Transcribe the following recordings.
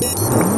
Thank you.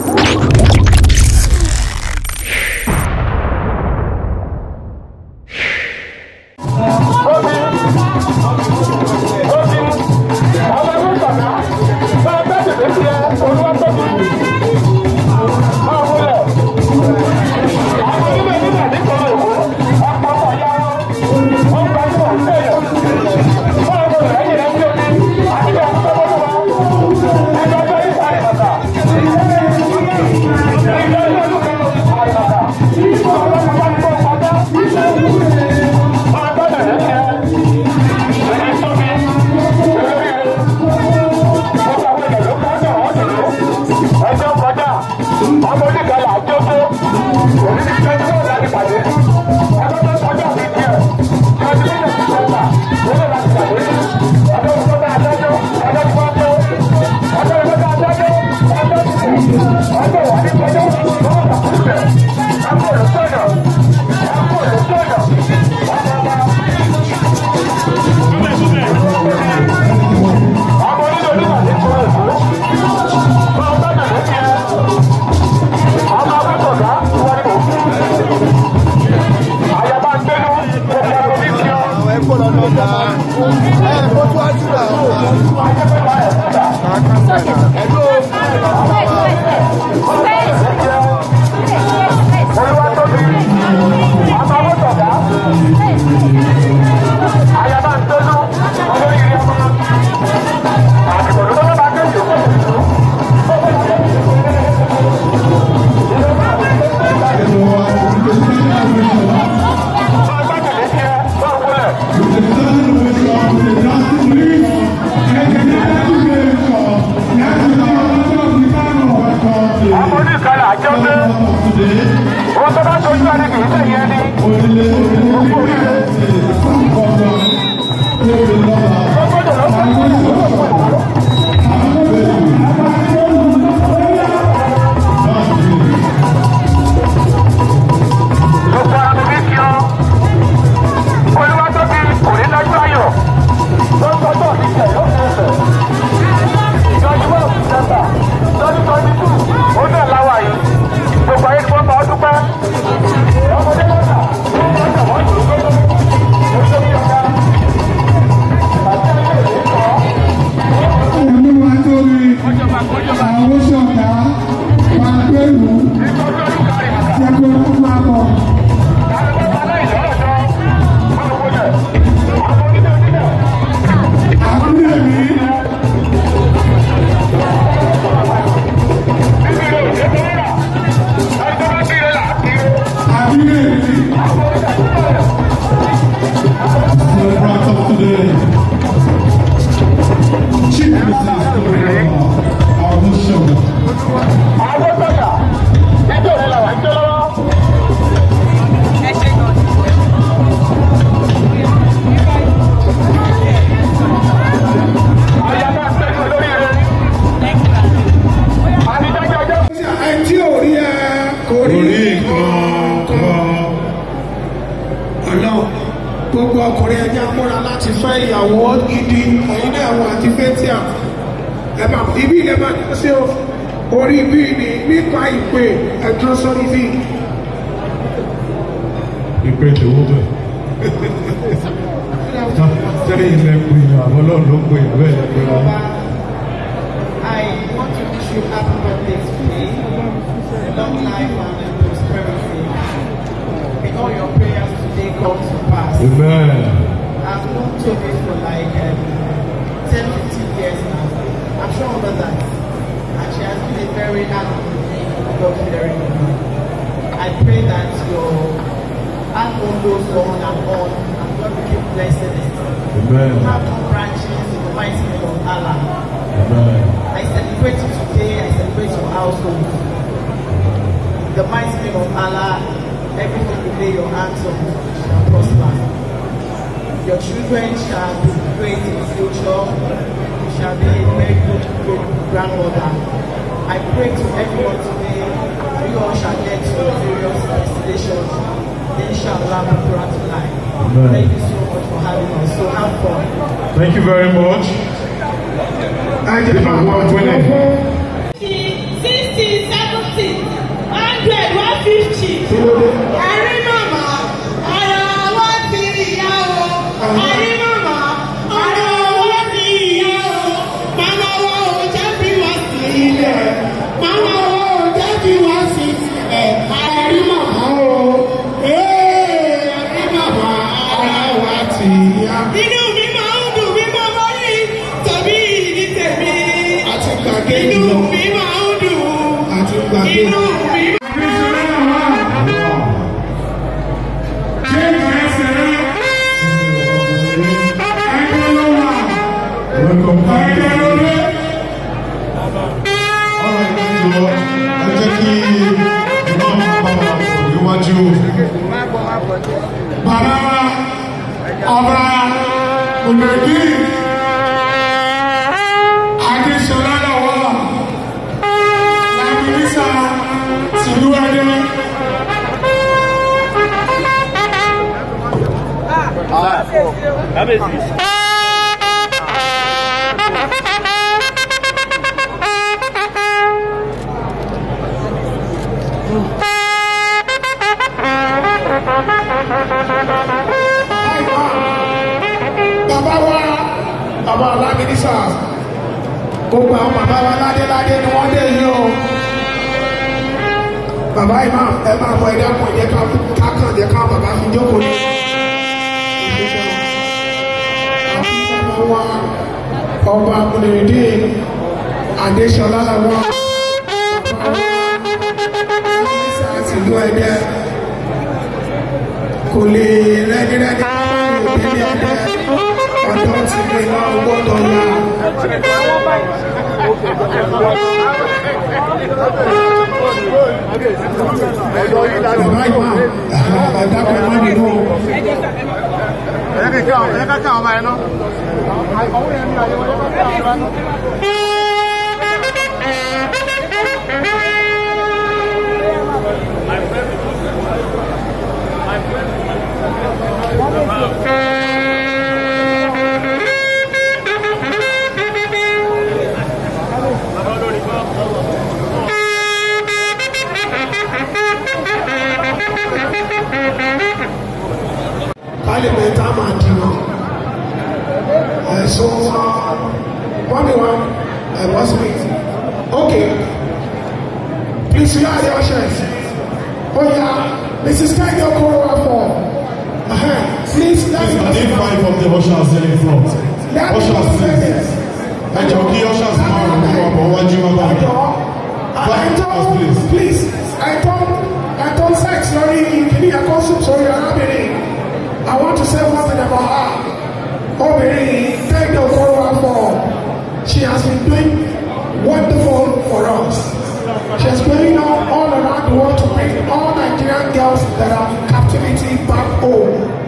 ní mo ṣe orí bí ni nípa ìpè ẹ̀dùn sórí bí. ìpè tòun bẹ̀. sẹ́yìn ilẹ̀ pè àwọn ọlọ́run ló pè é bẹ́ẹ̀ pé wọn. I want to wish you happy birthday today. Long life and prosperity. May your prayers today come to pass. Amen. I've known Toby for like um, 10, 15 years now. I'm sure about that. and she has been a very active volunteering I pray that your hand on goes on and on and God will keep blessing it. Amen. You have more branches in the mighty name of Allah. Amen. I celebrate you today, I celebrate your household. In the mighty name of Allah, everything you lay your hands on. Your children shall be great in future. You shall be a very good great grandmother. I pray to everyone today, you all shall get to various destinations. They shall love you throughout life. Amen. Thank you so much for having us. So have fun. Thank you very much. I did my work when I para habrá convertido Cabeça. gbogbo àwọn bàbá wa ládéládé ni wọ́n dé yìí o bàbá yìí máa ẹ máa bọ ẹdá pọ̀ jẹ́ ká kákan jẹ́ ká bàbá fi jókòó ní. ọba abúlẹ̀dín adéṣọlá làwọn ìlú ẹ̀dẹ́ kò lè rẹ́dírẹ́dí ọ̀dọ́ ti gbé lọ́wọ́ gbọ́dọ̀ náà bàbá yìí wà bàbá kò má nínú. ẹ̀ẹ́dẹ̀ká ọmọ ẹ̀ náà. ushers dey in front ushers please ẹ jọ kí ushers máa ràn wọ́n bọ̀ wájú wọn bá mi five ushers please. ẹ̀tọ́ sex lórí ìkíní ẹ̀kọ́ sùn sórí arábìnrin I want to say one thing about her Oh, baby, thank the follower for she has been doing wonderful for us she has been all around the world to bring all Nigerian girls that are in captivity back home.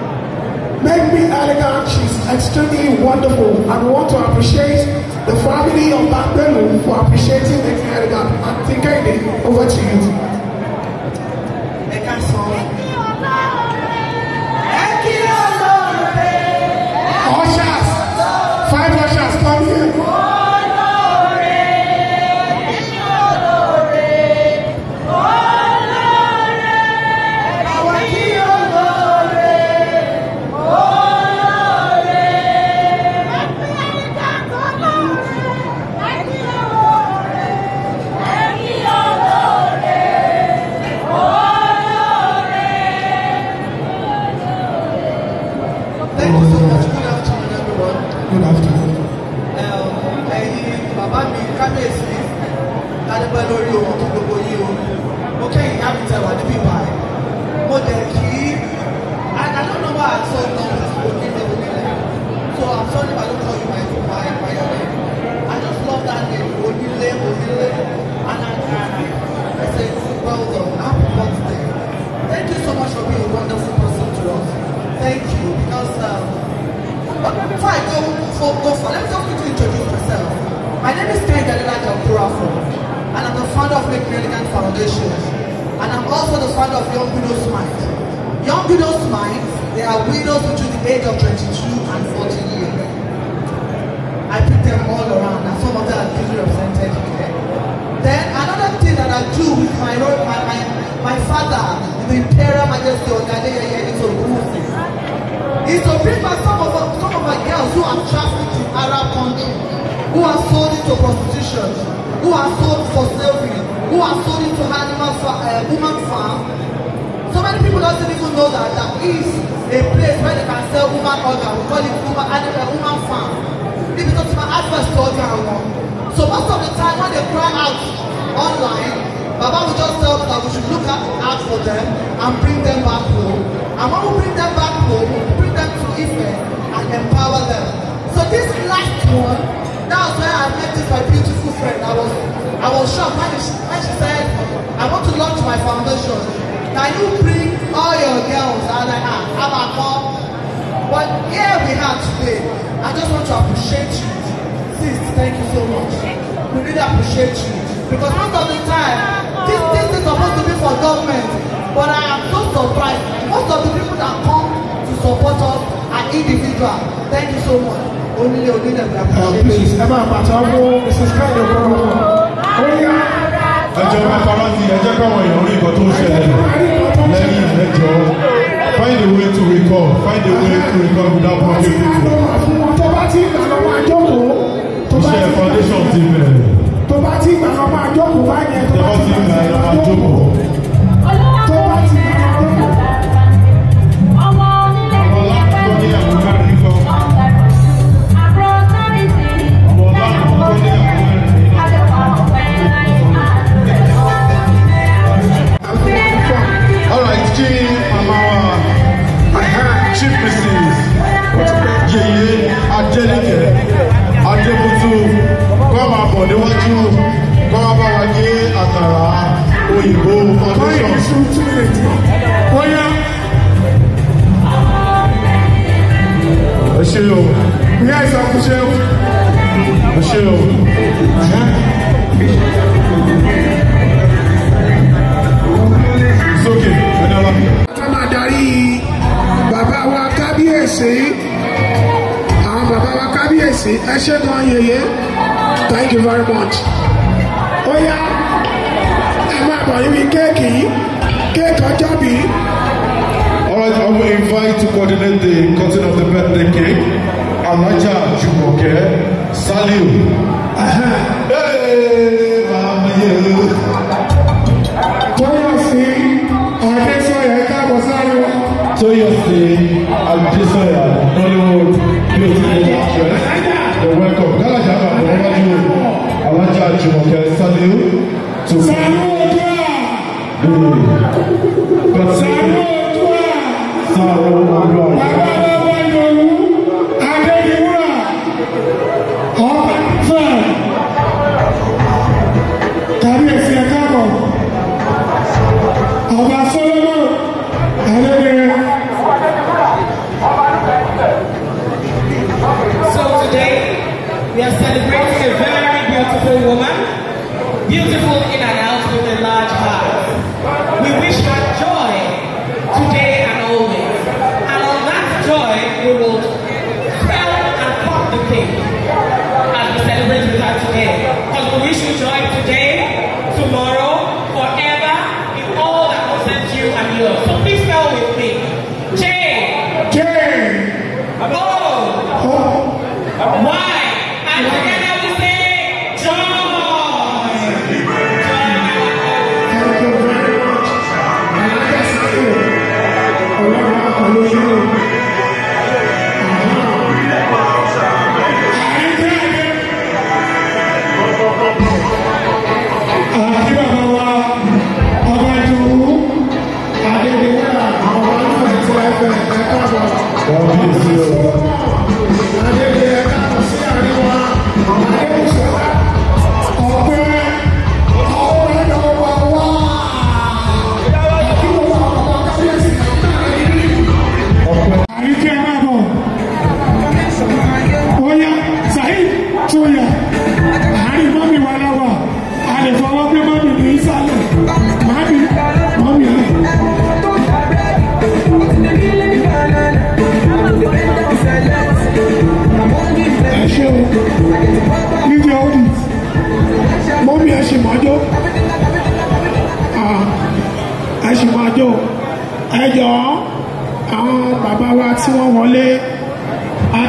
Make me elegant. She's extremely wonderful. And want to appreciate the family of Bakbelu for appreciating the elegant. And Tinkede, over to you. Ẹ ká sọ. five ushers, come here. go for. Let me just quickly introduce myself. My name is Kai Galila Jamkurafo, and I'm the founder of Make Elegant Foundation. And I'm also the founder of Young Widows Mind. Young Widows Mind, they are widows between the age of 22 and 40 years. I picked them all around, and some of them are visually represented here. Then another thing that I do with my my, my, my father, the Imperial Majesty of Yeye is to bring my and trafficked in Arab countries, who are sold into prostitution, who are sold for slavery, who are sold into animal farm, uh, eh, woman farm. So many people don't even know that there is a place where they can sell woman organ. We call it woman, animal, eh, woman farm. If it's not even as much organ one. So most of the time when they cry out online, Baba will just tell us that we should look at, out for them and bring them back home. And when we bring them back home, we bring them to Ife and empower them last one, that where I met this my beautiful friend. I was I was shocked when she, when she said, I want to launch my foundation. Can you bring all your girls. I was like, ah, have a mom. But here we are today. I just want to appreciate you. Sis, thank you so much. We really appreciate you. Because most of the time, this, this is supposed to be for government. But I am so surprised. Most of the people that come to support us are individual. Thank you so much onílé onídàgbà ẹ bá pàtó fún mrs kanye kọ́kọ́ ó yá. ẹjọ́ bàbá ti ẹjẹ́ káwọn èèyàn rí nǹkan tó ń ṣẹlẹ̀ lẹ́yìn ẹjọ́ find a way to recall find a way to recall without pointing people. tó bá ti gbà lọ́wọ́ àjọkòó. iṣẹ́ foundation ti bẹ̀rẹ̀. tó bá ti gbà lọ́wọ́ àjọkòó bá yẹn. tó bá ti gbà lọ́wọ́ àjọkòó. ẹ̀sùn tún lè jù wọ́n yá. ẹ ṣe o ìyá ìsàkú ṣe o ẹ ṣe o. sókè ọ̀dọ́wà. thank you very much. ó Oh, yeah. Wàyíwí kéèkì kéèkì ọjọ́ bí. All I will invite to coordinate the cutting of the birthday cake. Alaja Jumoke Saliu. Tóyọ̀sí Adésọ̀yà káàbọ̀ sáré wa. Tóyọ̀sí Adésọ̀yà Nollywood. wonderful woman, beautiful in her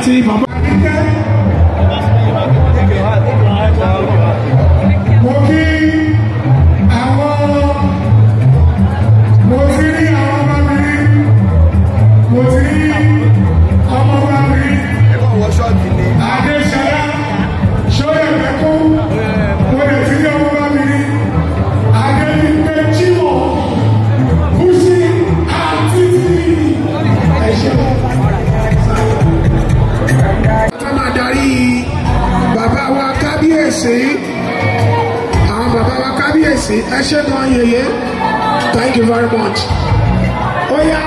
àti bàbá. kábíyèsí àwọn bàbá wa kábíyèsí ẹ ṣé gan yèyé thank you very much ó yá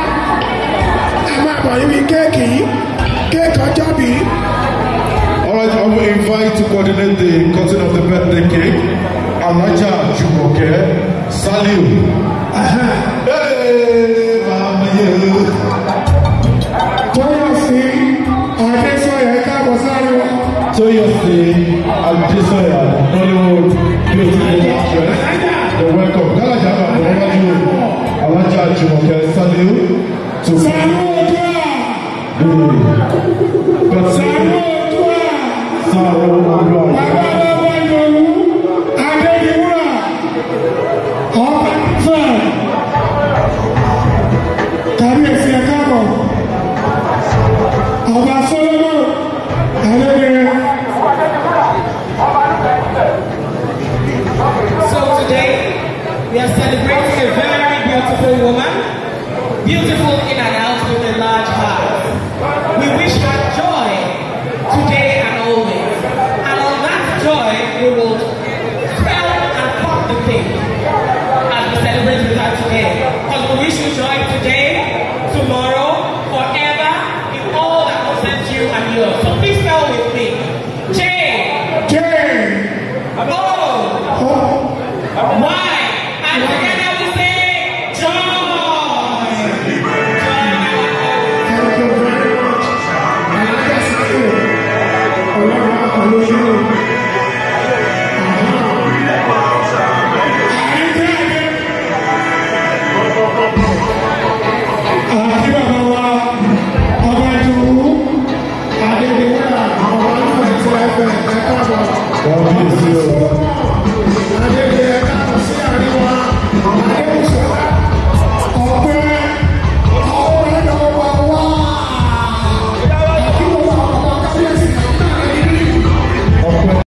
ẹ máa bọ̀ níbi kéèkì yìí kéèkì ọjọ́ bí. Alright, I will invite to coordinate the cutting of the birthday cake. Alaja Jumoke Saliu. Uh -huh. Hey, show your say and desire Hollywood beautiful actress. You're welcome. beautiful in and